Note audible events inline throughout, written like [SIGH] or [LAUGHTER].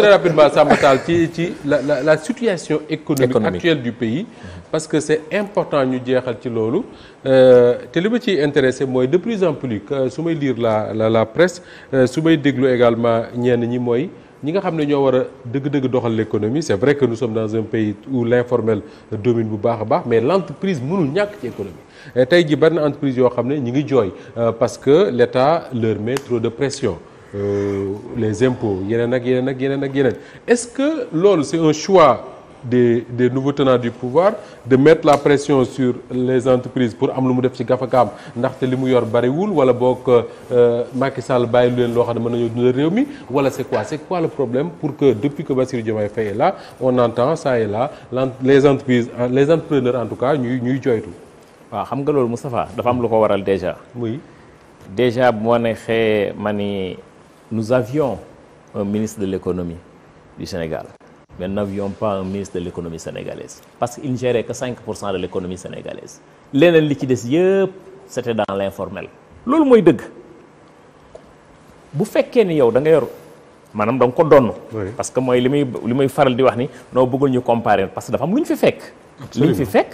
très rapidement Samba Tall ci ci la la la situation économique, économique actuelle du pays parce que c'est important ñu jeexal ci loolu euh, te li ma ci intéressé mooy de plus en plus su may liir la la la presse euh, su may déglu également ñenn ñi mooy ñi nga xam ne ñoo war a dëgg-dëgg doxal l'économie c'est vrai que nous sommes dans un pays où l'informel domine bu baax a baax mais l'entreprise mënul ñàkk ci économie euh, tey ji benn entreprise yoo xam ne ñi ngi jooy parce que l'État leur met trop de pression Euh, les impôts yeneen ak yeneen ak yeneen ak yeneen est-ce que loolu c'est un choix des des nouveaux tenants du pouvoir de mettre la pression sur les entreprises pour am lu mu def ci gafakaam ndaxte li mu yor bariwul wala boog euh, Macky Sall bàyyi lu leen loo xam ne mën nañoo dundal réew mi wala c'est quoi c'est quoi le problème pour que depuis que Bassirou Diomaye Faye est là en entend ça et là les entreprises les entrepreneurs en tout cas ñuy ñuy joytu waaw xam nga loolu Moustapha dafa am lu ko waral déjà. oui déjà bu ma neexee nous avions un ministre de l'économie du Sénégal, mais nous n'avions pas un ministre de l'économie sénégalaise, parce qu'il ne cinq pour 5% de l'économie sénégalaise. leneen li ci des yëpp c'était dans l'informel. loolu mooy dëgg bu fekkee ni yow da nga yor maanaam da nga ko donn parce que mooy li muy li muy faral di wax ni noo bëggul ñu comparer parce que dafa am lu ñu fi fekk. lu ñu fi fekk.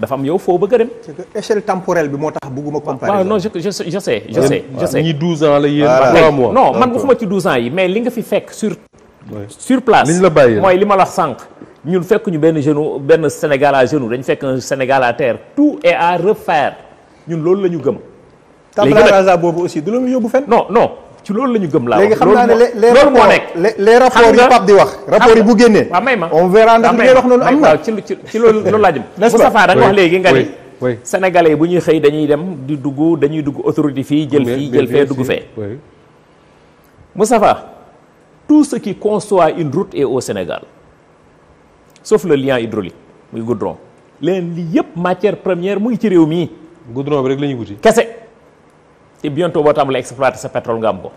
dafa am yow foo bëgg dem. c'est que échelle temporelle bi moo tax bëgguma comparer. waaw non je je sais je sais je sais. ñi 12 ans la yéen. 3 mois non man waxuma ci 12 ans yi mais li nga fi fekk sur. sur place liñ la bàyyee mooy li ma la sànq. ñun fekk ñu benn genou benn Sénégal à genoux dañu fekk un Sénégal à terre tout et à refaire ñun loolu la ñu gëm. léegi nag boobu aussi du la ñu yóbbu fenn. non non. ci loolu la ñu gëm laa wax. léegi xam naa ne loolu moo nekk les rapports yi Pape di wax. rapport yi bu génnee. waaw may ma on verra wax am na. ci ci ci loolu loolu laa jëm. [LAUGHS] Moustapha léegi nga ni. oui sénégalais yi bu ñuy xëy dañuy dem di dugg dañuy dugg autorité fii jël fii jël fee dugg fee. Moustapha tout ce qui conçoit une route est au Sénégal sauf le lien hydraulique muy goudron. leneen li yëpp matière première muy ngi ci réew mii. goudron bi rek la ñuy wuti kese. te bientôt boo tàmbalee exploiter sa pétrole nga am ko.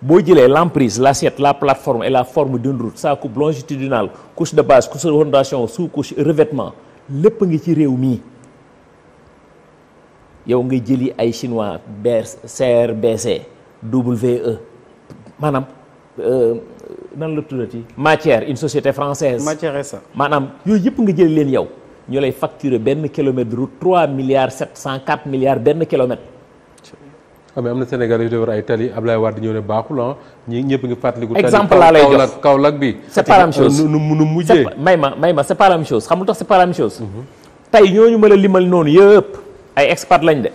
boo jëlee l'emprise l'assiette la plateforme et la forme d'une route sa coupe longitudinale couche de base couche de fondation sous-couche revêtement lépp ngi ci réew mii yow nga jëli ay chinois CRBC WE maanaam euh, nan la tuddati matière une société française matière ça maanaam yooyu yëpp nga jëli leen yow ñu lay facturer benn kilomètre de route 3 milliards 700 4 milliards benn kilomètre. xam ah, nga am na Sénégal yu defar ay tali Ablaye Wade ñëw ne baaxul ah ñi ñëpp ngi fàttaliku. exemple laa lay jox tali Kaolack bi. c'est pas la même chose euh, nu nu mujjee. may ma may ma c'est pas la même chose xam nga tax c'est pas la même chose. Mhm. tey ñooñu mën a limal noonu yëpp ay experts lañ de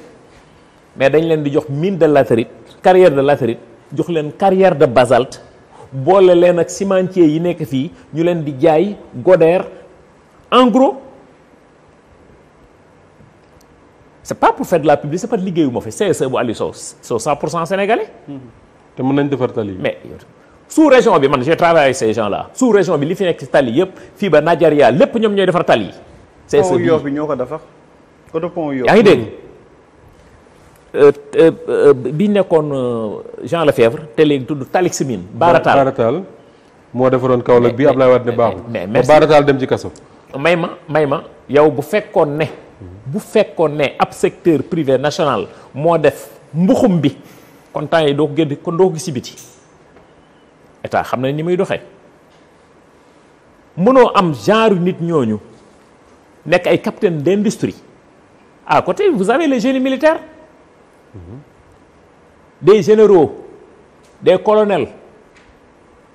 mais dañ leen di jox mine de latérite carrière de latérite jox leen carrière de basalte boole leen ak cimentier yi nekk fii ñu leen di jaay Goder en gros. c'est pas pour faire de la publicité c'est parce que liggéeyu ma fi CSE bu Aliou Sow Sow 100 pour cent sénégalais. te mën nañ defar tali mais sous région bi man j'ai travaillé avec ces gens là sous région bi li fi nekk ci tali yëpp fii ba Nigeria lépp ñoom ñooy defar tali. CSE pont Yoff bi ñoo ko defar. oto pont Yoff yaa ngi dégg. Euh, euh, euh, bi nekkoon te léegi tudd Talix Mine. Baaratal Baaratal moo defaroon Kaolack bi Abdoulaye Wade ne baaxul. mais merci Baaratal dem ci kaso. may ma may ma yow bu fekkoon ne. bu fekkoon ne ab secteur privé national moo def mbuxum bi kon temps yi doo ko génn kon doo ko gis biti état xam na ni muy doxee mënoo am genre nit ñooñu nekk ay capitaine d'industrie à côté vous avez les génies militaires des généraux des colonels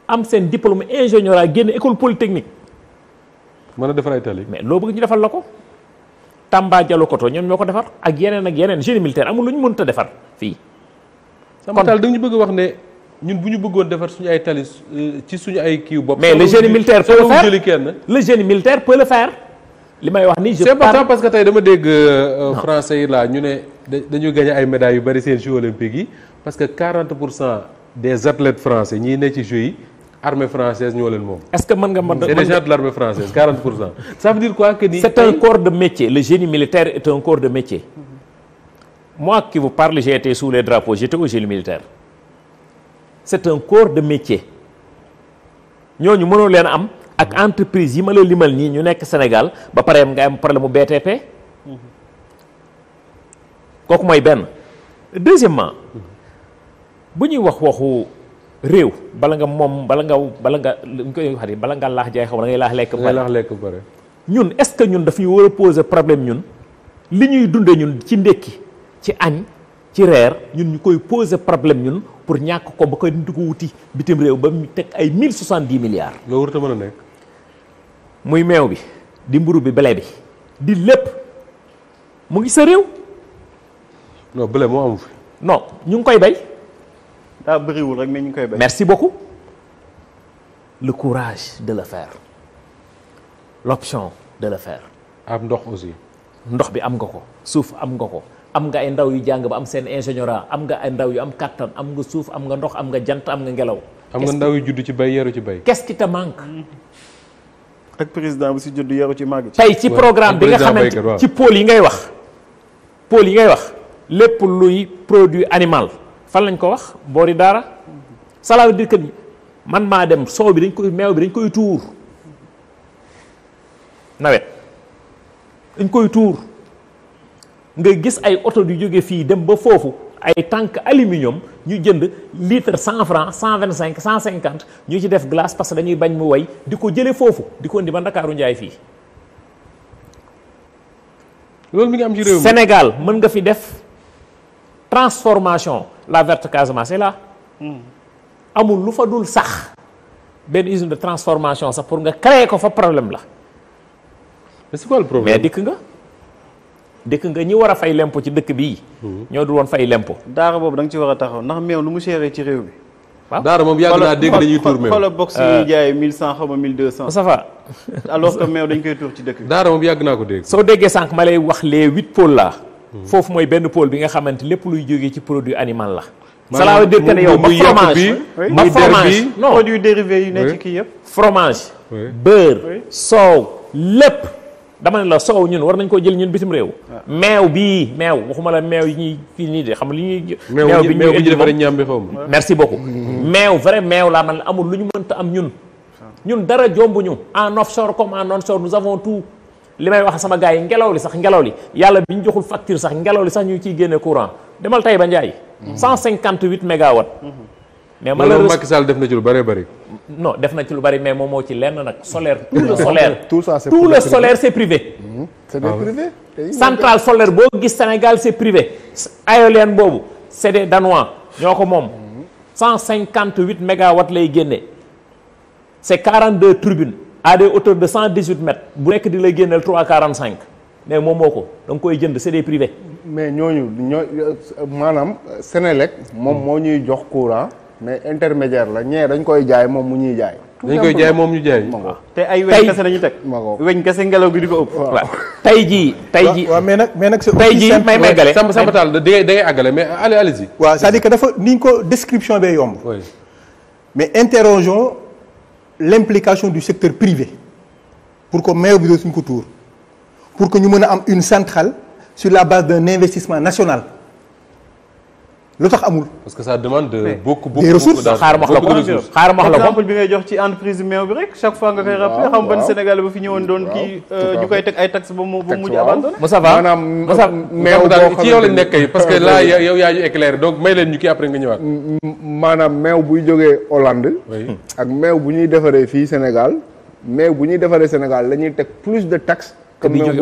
am seen diplôme ingénieur a génn école polytechnique mën a defar ay tali mais loo bëgg ñu defal la ko Tamba Jalo Koto ñoom ñoo ko defar ak yeneen ak yeneen génie militaire amul lu ñu mënut a defar fii. sama taal da nga ñu bëgg wax ne ñun bu ñu bëggoon defar suñu ay tali euh, ci suñu ay kiiw bopp. mais le génie militaire peut le faire kenn. le génie militaire peut li may wax ni je. c'est parce que tey dama dégg. Euh, euh, français yi la ñu ne dañu gagné ay médailles yu bari seen Jeux olympiques yi parce que 40 pour cent des athlètes français ñii ne ci Jeux yi. armée française ñoo leen moom. est-ce que mën nga mën c'est des gens de l'armée française 40 pour cent. ça veut dire quoi que ni. c'est un corps de métier le génie militaire est un corps de métier. moi qui vous parle j'ai été sous les drapeaux j'étais au militaire. c'est un corps de métier. ñooñu mënoo leen am. ak entreprise yi ma la limal nii ñu nekk Sénégal ba pare nga am problème mu BTP. kooku mooy benn. deuxièmement bu ñuy wax waxu. réew bala nga moom bala nga bala nga luñ koy waxati bala nga laax jaay xaw da ngay laax lekk pare laax lekk pare ñun est-ce que ñun dafay war a poser problème ñun li ñuy dundee ñun ci ndékki ci añ ci reer ñun ñu koy poser problème ñun pour ñàkk ko ba koy di ko wuti bitim réew ba mu teg ay mille soixante di milliards. loolu warut a mën a nekk. muy meew bi di mburu bi bale bi di lépp mu ngi sa réew. non blé moo amu fi. non ñu ngi koy bay. daa ah, bëriwul rek mais ñu koy béy. merci beaucoup le courage de le faire l'option de le faire. am ndox aussi. ndox bi am nga ko suuf am nga ko am nga ay ndaw yu jàng ba am seen ingénieur am nga ay ndaw yu am kàttan am nga suuf am nga ndox am nga jant am nga ngelaw. am nga ndaw yu judd ci bay yaru ci bay. qu'est-ce qui te président bu si judd yaru ci màgg. tey ci programme bi nga xamante ci pôle yi ngay wax. pôle yi ngay wax lépp luy produit animal. fan lañ ko wax boori daara cela veut dire que ni man maa dem soow bi dañ koy meew bi dañ koy tuur nawet dañ koy tuur nga gis ay oto di jóge fii dem ba foofu ay tank aluminium ñu jënd litre cent franc cent vingt cinq cent cinquante ñu ci def glace parce que dañuy bañ mu way di ko jële foofu di ko indi ba Ndakaaru Njaay fii loolu mi ngi am ci réew mi Sénégal mën nga fi def transformation la verte Casamance est là hmm. amul lu fa dul sax benn usine de transformation sax pour nga créer ko fa problème la mais c'est quoi le problème dikk nga dëkk nga ñi war a fay lempo ci dëkk bi hmm. ñoo dul woon fay lempo. daara boobu da nga ci war a taxaw ndax meew lu mu seeree ci réew mi. waaw daara moom yàgg naa dégg dañuy tuur meew xoolal euh, ma 1200. ci dëkk bi. yàgg naa ko dégg. soo déggee sànq ma lay wax les huit pôles là. Mm-hmm. foofu mooy benn pôle bi nga xamante lépp luy jógee ci produit animal la. cela veut dire que ne yow ba fromage ba fromage non kii yëpp. fromage. beurre soow lépp. dama ne la soow ñun war nañ koo jël ñun bitim réew. Ah. meew bii meew waxuma la meew yi ñuy fii nii de xam li ñuy. meew bi meew bi ñu defaree ñaam bi xaw ma merci beaucoup. Mm-hmm. meew vrai meew laa man amul lu ñu mënta am ñun. Ah. ñun dara jombuñu en offshore comme en onshore nous avons tout. li may wax sama gars yi ngelaw li sax ngelaw li yàlla bi ñu joxul facture sax ngelaw li sax ñu ngi ciy génne courant demal Taïba Ndiaye. 158 mégawatts. mais malheureusement Macky Sall def na ci lu bëree bëri. no def na ci lu bëri mais moom moo ci lenn nag solaire tout le [LAUGHS] solaire. tout le solaire se privé. c'est privé. Mhm. Ah centrale solaire boo gis Sénégal c'est privé. éolienne boobu c'est des danois ñoo ko moom. 158 mhm. mégawatts lay génne. c'est 42 turbines. à des de cent dix huit mètres bu nekk di la génneel trois quarante cinq mais moom moo ko da koy jënd c'est des privés. mais ñooñu ñoo maanaam Sénélec moom moo ñuy jox courant mais intermédiaire la ñee dañ koy jaay moom mu ñuy jaay. dañ koy jaay moom ñu jaay. te ay weñ kese lañu teg. weñ se ngelaw gi di ko ëpp. waaw tey jii. tey jii waaw mais nag mais nag. tey jii may may gale Samba Samba Tall da ngay da ngay àggale mais allez allez-y. waaw c'est-à-dire que dafa ni ko description bee yomb. mais interrogeons l'implication du secteur privé pour que maillot bi dootuñu ko tuur pour que ñu mën a am une centrale sur la base d'un investissement national lu tax amul. parce que ça demande beaucoup beaucoup des ressources xaar ma wax la ko xaar ma wax la ko exemple bi ngay jox ci entreprise meew bi rek chaque fois nga koy rappelé ba fi ñëwoon euh, ba mu ba Ba maanaam Moussa euh, meew boo ci yow lañ ñëwaat. maanaam meew buy jógee Hollande. ak meew bu ñuy defaree fii Sénégal meew bu ñuy defaree Sénégal la ñuy teg plus de taxes. que meew buy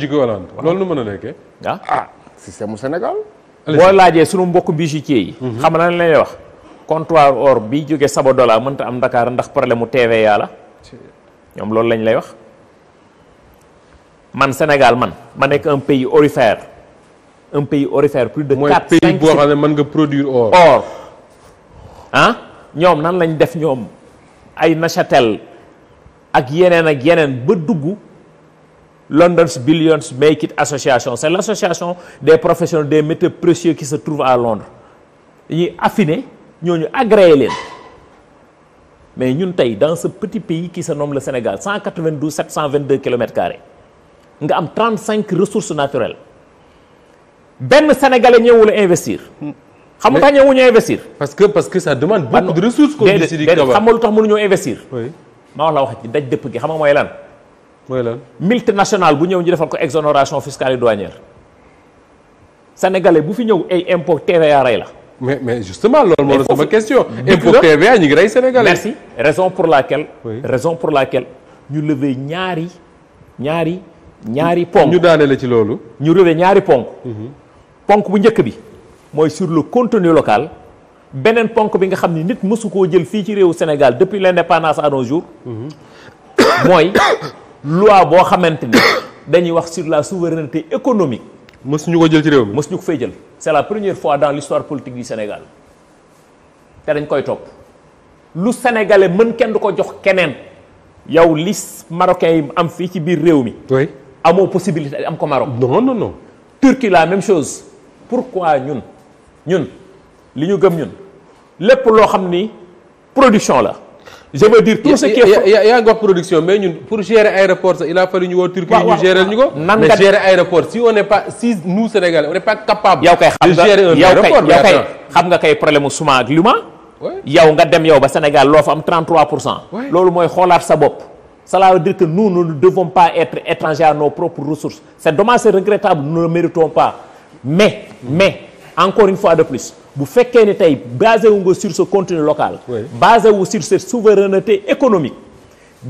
jógee Hollande loolu nu mën a nekkee ah, ah système Sénégal boo laajee sunu mbokku bijoutier yi. Mhm. xam na lan lay wax. comptoir or bi jóge Sabodala mënta am Dakar ndax problème mu TVA la. ñoom loolu lañ lay wax. man Sénégal man ma nekk un pays aurifère un pays aurifère plus de. 4 5 mooy boo xam ne mën nga produire or. or ah ñoom nan lañ def ñoom ay Neuchâtel ak yeneen ak yeneen ba dugg. London's Billions Make It Association c'est l'association des professionnels des métiers précieux qui sa trouvent à Londres ñuy affiner ñooñu agréé leen mais ñun tey dans ce petit pays qui se nomme le Sénégal 192 722 kilomètres carrés nga am 35 ressources naturelles benn sénégalais ñëwul investir. xam nga tax ñëwuñu investir. parce que parce que ça demande beaucoup de ressources. comme déedéet xam nga lu tax mënuñoo investir. oui ma wax la wax ci daj dëpp gi xam nga mooy lan. mooy lan multinationale bu ñëw ñu defal ko exonération fiscale et douanière sénégalais bu fi ñëw ay impôt TVA rey la. mais mais justement loolu moo la sama question. impôt TVA ñu ngi rey sénégalais. merci raison pour la oui. raison pour la laquelle ñu lever ñaari ñaari ñaari ponk. ñu daane la ci loolu. ñu lever ñaari ponk. Mhm. ponk bu njëkk bi mooy sur le contenu local. beneen ponk bi nga xam ni nit mësu koo jël fii ci réewu Sénégal depuis l' indépendance à nos jours. Mhm. [COUGHS] loi boo xamante ni [COUGHS] dañuy wax sur la souveraineté économique. mosuñu ko jël ci réew mi mosuñu ko fay jël. c'est la première fois dans l'histoire politique du Sénégal te dañ koy topp lu sénégalais mën kenn du ko jox keneen yow li marocain yi am fii ci biir réew mi. oui amoo possibilité am ko Maroc. non non non. Turquie la même chose pourquoi ñun ñun li ñu gëm ñun lépp loo xam ni production la. je veux dire tout ce qui yaa ngi wax production mais ñun pour gérer aéroport sax il a fallu ñu woo Turquie ñu gérer ñu ko. nan nga mais gérer aéroport si on n'est pas si nous Sénégalais yow kay xam nga de gérer un aéroport yow kay xam problème suma ak luma. yow nga dem yow ba Sénégal loo fa am 33 pour cent. loolu mooy xoolaat sa bopp. Cela veut dire que nous, nous ne devons pas être étrangers à nos propres ressources. C'est dommage, c'est regrettable, nous ne méritons pas. Mais, mais, encore une fois de plus bu fekkee ni tey basé wu nga sur ce contenu local basé wu sur cette souveraineté économique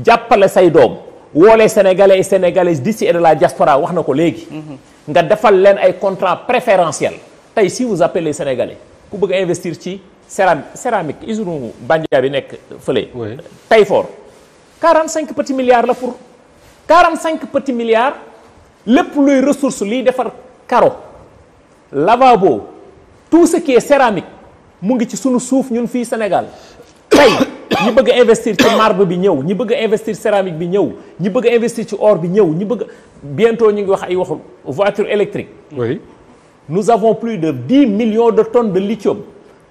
jàppale say doom woolee sénégalais et di d'ici et de la diaspora wax na ko léegi mhm. nga defal leen ay contrat préférentiel tey si vous appelez sénégalais ku bëgg investir ci céramique céramique usine Bandia bi nekk fële Tayfor cinq petits milliards la pour quarante cinq petits milliards lépp luy ressource liy defar carreau lavabo tout ce qui céramique mu ngi ci suñu suuf ñun fii Sénégal tey ñi bëgg investir ci marbre bi ñëw ñi bëgg a investir céramique bi ñëw ñi bëgg investir ci or bi ñëw ñi bëgg bientôt ñu ngi wax ay waxu voiture électrique oui nous avons plus de dix millions de tonnes de lithium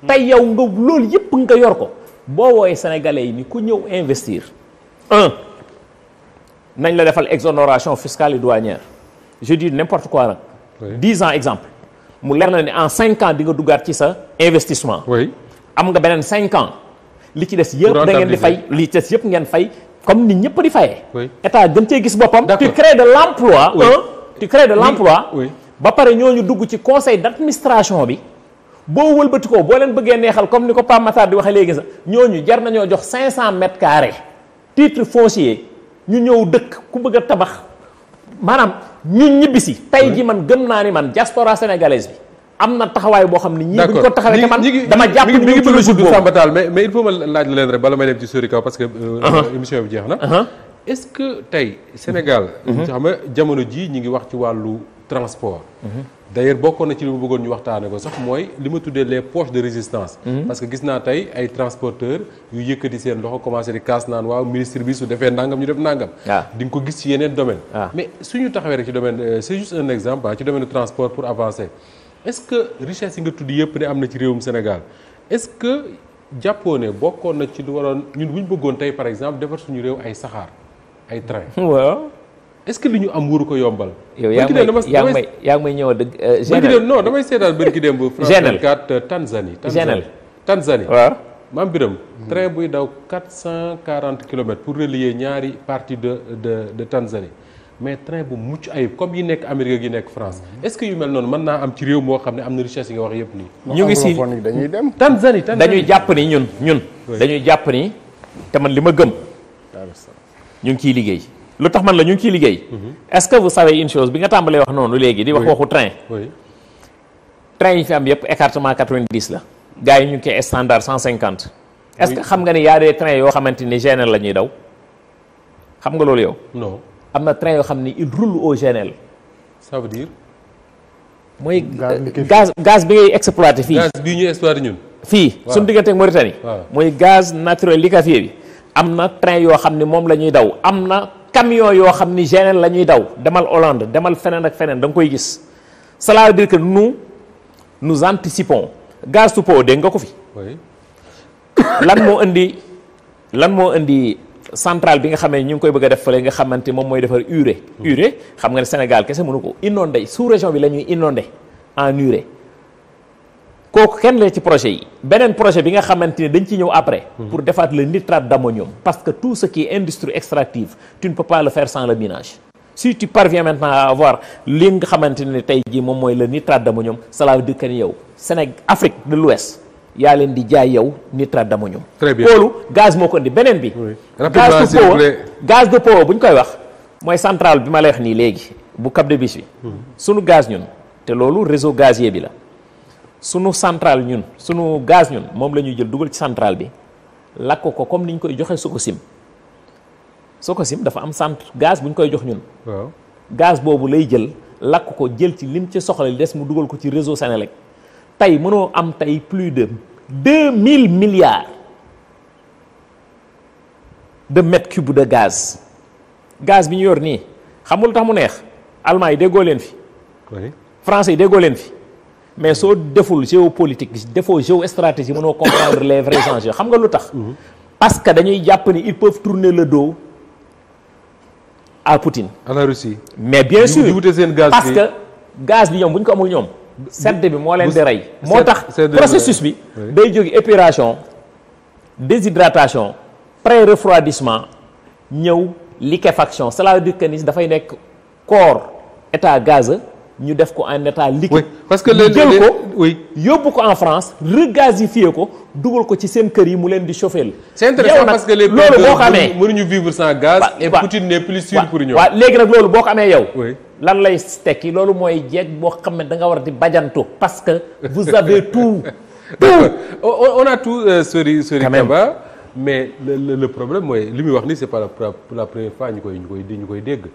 tey yow nga loolu yëpp nga yor ko boo woowee sénégalais yi ni ku ñëw investir un nañ la defal exonération fiscale et douanière je dis n'importe quoi nag dix ans exemple mu leer na ne en cinq ans di duggaat ci sa investissement. am nga beneen cinq ans. li ci des yëpp da ngeen di fay li ci des yëpp ngeen fay comme ni ñëpp di fayee. état gën cee gis boppam. tu crées de l' emploi. Oui. Un, tu crées de ba pare ñoo ñu dugg ci conseil d' administration bi boo wëlbatikoo boo leen bëggee neexal comme ni ko Pape Matar di waxee léegi sax ñooñu jar nañoo jox cinq 500 mètres carrés titre foncier ñu ñëw dëkk ku bëgg a tabax. maanaam ñun ñibbisi tey ji man gëm naa ni man diaspora sénégalaise bi am na taxawaay boo xam ni ñii buñ ko taxawee te man dama jàpp mi ngi bëgg a gudd Samba Tall mais mais il faut ma laaj la leen rek bala may dem ci sori parce que euh, ah ah. émission bi jeex na ah est-ce que tey Sénégal mm-hmm. jamono ji ñu ngi wax ci wàllu transport mm-hmm. d'ailleurs bokkoon na ci li mu bëggoon ñu waxtaane ko sax mooy lima ma tuddee les poches de résistance mhm. parce que gis naa tey ay transporteurs yu yëkkati seen loxo commencé di kaas naan waaw ministre bi su defee nangam ñu def nangam ah. di nga ko gis ci yeneen domaine ah. mais suñu taxawee rek ci domaine euh, c'est juste un exemple ah, ci domaine de transport pour avancer est-ce que richesse yi nga tudd yëpp ne am na ci réewum Sénégal est-ce que jàppoo ne bokkoon na ci lu waroon ñun bu ñu bëggoon tey par exemple defar suñu ay saxaar ay train [LAUGHS] est-ce que li ñu am waru ko yombal. yow yaa ngi may yaa ngi may yaa ngi may ñëwal dëgg. Euh, gñneel non damay seetaan bërki démb. gñneel [LAUGHS] euh, Tanzanie. Tanzanie pour relier ñaari partie de de de Tanzanie mais train bu mucc ayib comme yi nekk Amérique yi nekk France est-ce que yu mel noonu man naa am ci réew moo xam ne am na richesse yi nga wax yëpp nii. ñu ngi si dañuy dem Tanzanie dañuy jàpp ni ñun ñun. dañuy jàpp ni te man li ma gën ñu ngi ciy liggéey. lu tax man la ñu ngi ciy liggéey. Mhm. est-ce que vous savez une chose bi nga tàmbalee wax noonu léegi. di wax waxu train. train yi fi am yëpp écartement 90 la. gars yi ñu ngi koy standard 150. est-ce que xam nga ni y a des yoo xamante ni GNL la ñuy daw. xam nga loolu yow. non am na train yoo xam ni roule au GNL. ça veut mooy euh, gaz gaz bi ngay exploité fii. gaz bi ñuy fii suñu diggante ak Mauritanie. mooy gaz naturel liquéfié bi. am na train yoo xam ni moom la ñuy daw am na. camion yoo xam ni GNL la ñuy daw demal Hollande demal feneen ak feneen da nga koy gis cela veut dire que nu nous anticipons gaz tupo dégg nga ko fi. lan moo indi lan moo indi centrale bi nga xamee ñu ngi koy bëgg a def fële nga xamante moom mooy defar urée. Mm. urée xam nga ne Sénégal kese mënu ko inondé sous région bi la ñuy inondé en urée. kooku kenn la ci projet yi beneen projet bi nga xamante ne dañ ci ñëw après mhm. pour defaat le nitrate d'ammonium parce que tout ce qui est industrie extractive tu ne peux pas le faire sans le minage si tu parviens maintenant à avoir li nga xamante ne tey jii moom mooy le nitrate d'ammonium cela veut dire que ni yow Sénégal Afrique de l'Ouest yaa leen di jaay yow nitrate d'ammonium très bien loolu gaz moo ko indi beneen bi gaz de Power gaz de Power bu ñu koy wax mooy centrale bi ma lay wax nii léegi bu Cap de Biche bi mhm. gaz ñun te loolu réseau gazier bi la sunu centrale ñun suñu gaz ñun moom la ñuy jël dugal ci centrale bi lakk ko comme ni ñu koy joxe Sococim Sococim dafa am centre gaz bu ñu koy jox ñun. waaw gaz boobu lay jël lakk ko jël ci lim ci soxla li des mu dugal ko ci réseau Senelec tey mënoo am tey plus de mille milliards de mètres cubes de gaz. gaz bi ñu yor nii xamul nga tax mu neex. allemand yi déggoo leen fi. français yi déggoo leen fi. mais soo deful géopolitique defoo géostratégie mënoo comprendre les vrais xam nga lu tax. Mhm. parce que dañuy jàpp ni ils peuvent tourner le dos à Poutine. à la Russie. mais bien sûr parce gaz bi ñoom bu ñu ko amul ñoom. sedd bi moo leen di rey. moo tax processus bi. day jóge épuration déshydratation pré refroidissement ñëw liquéfaction cela veut dire que ni dafay nekk corps état gaz ñu def ko en état liquide. oui parce que léeg jël ko oui. yóbbu ko en France regasifier ko dugal ko ci seen kër yi mu leen di chauffer la. c'est que les loolu boo xamee mënuñu vivre sans gaz. et Poutine n'est léegi nag loolu boo xamee yow. lan lay tekki loolu mooy jeeg boo xam ne da nga war di bajantu parce que vous avez [LAUGHS] tout. tout on a tout euh, sori sori mais le problème mooy li muy wax nii c'est pas la première fois ñu koy ñu koy ñu koy dégg.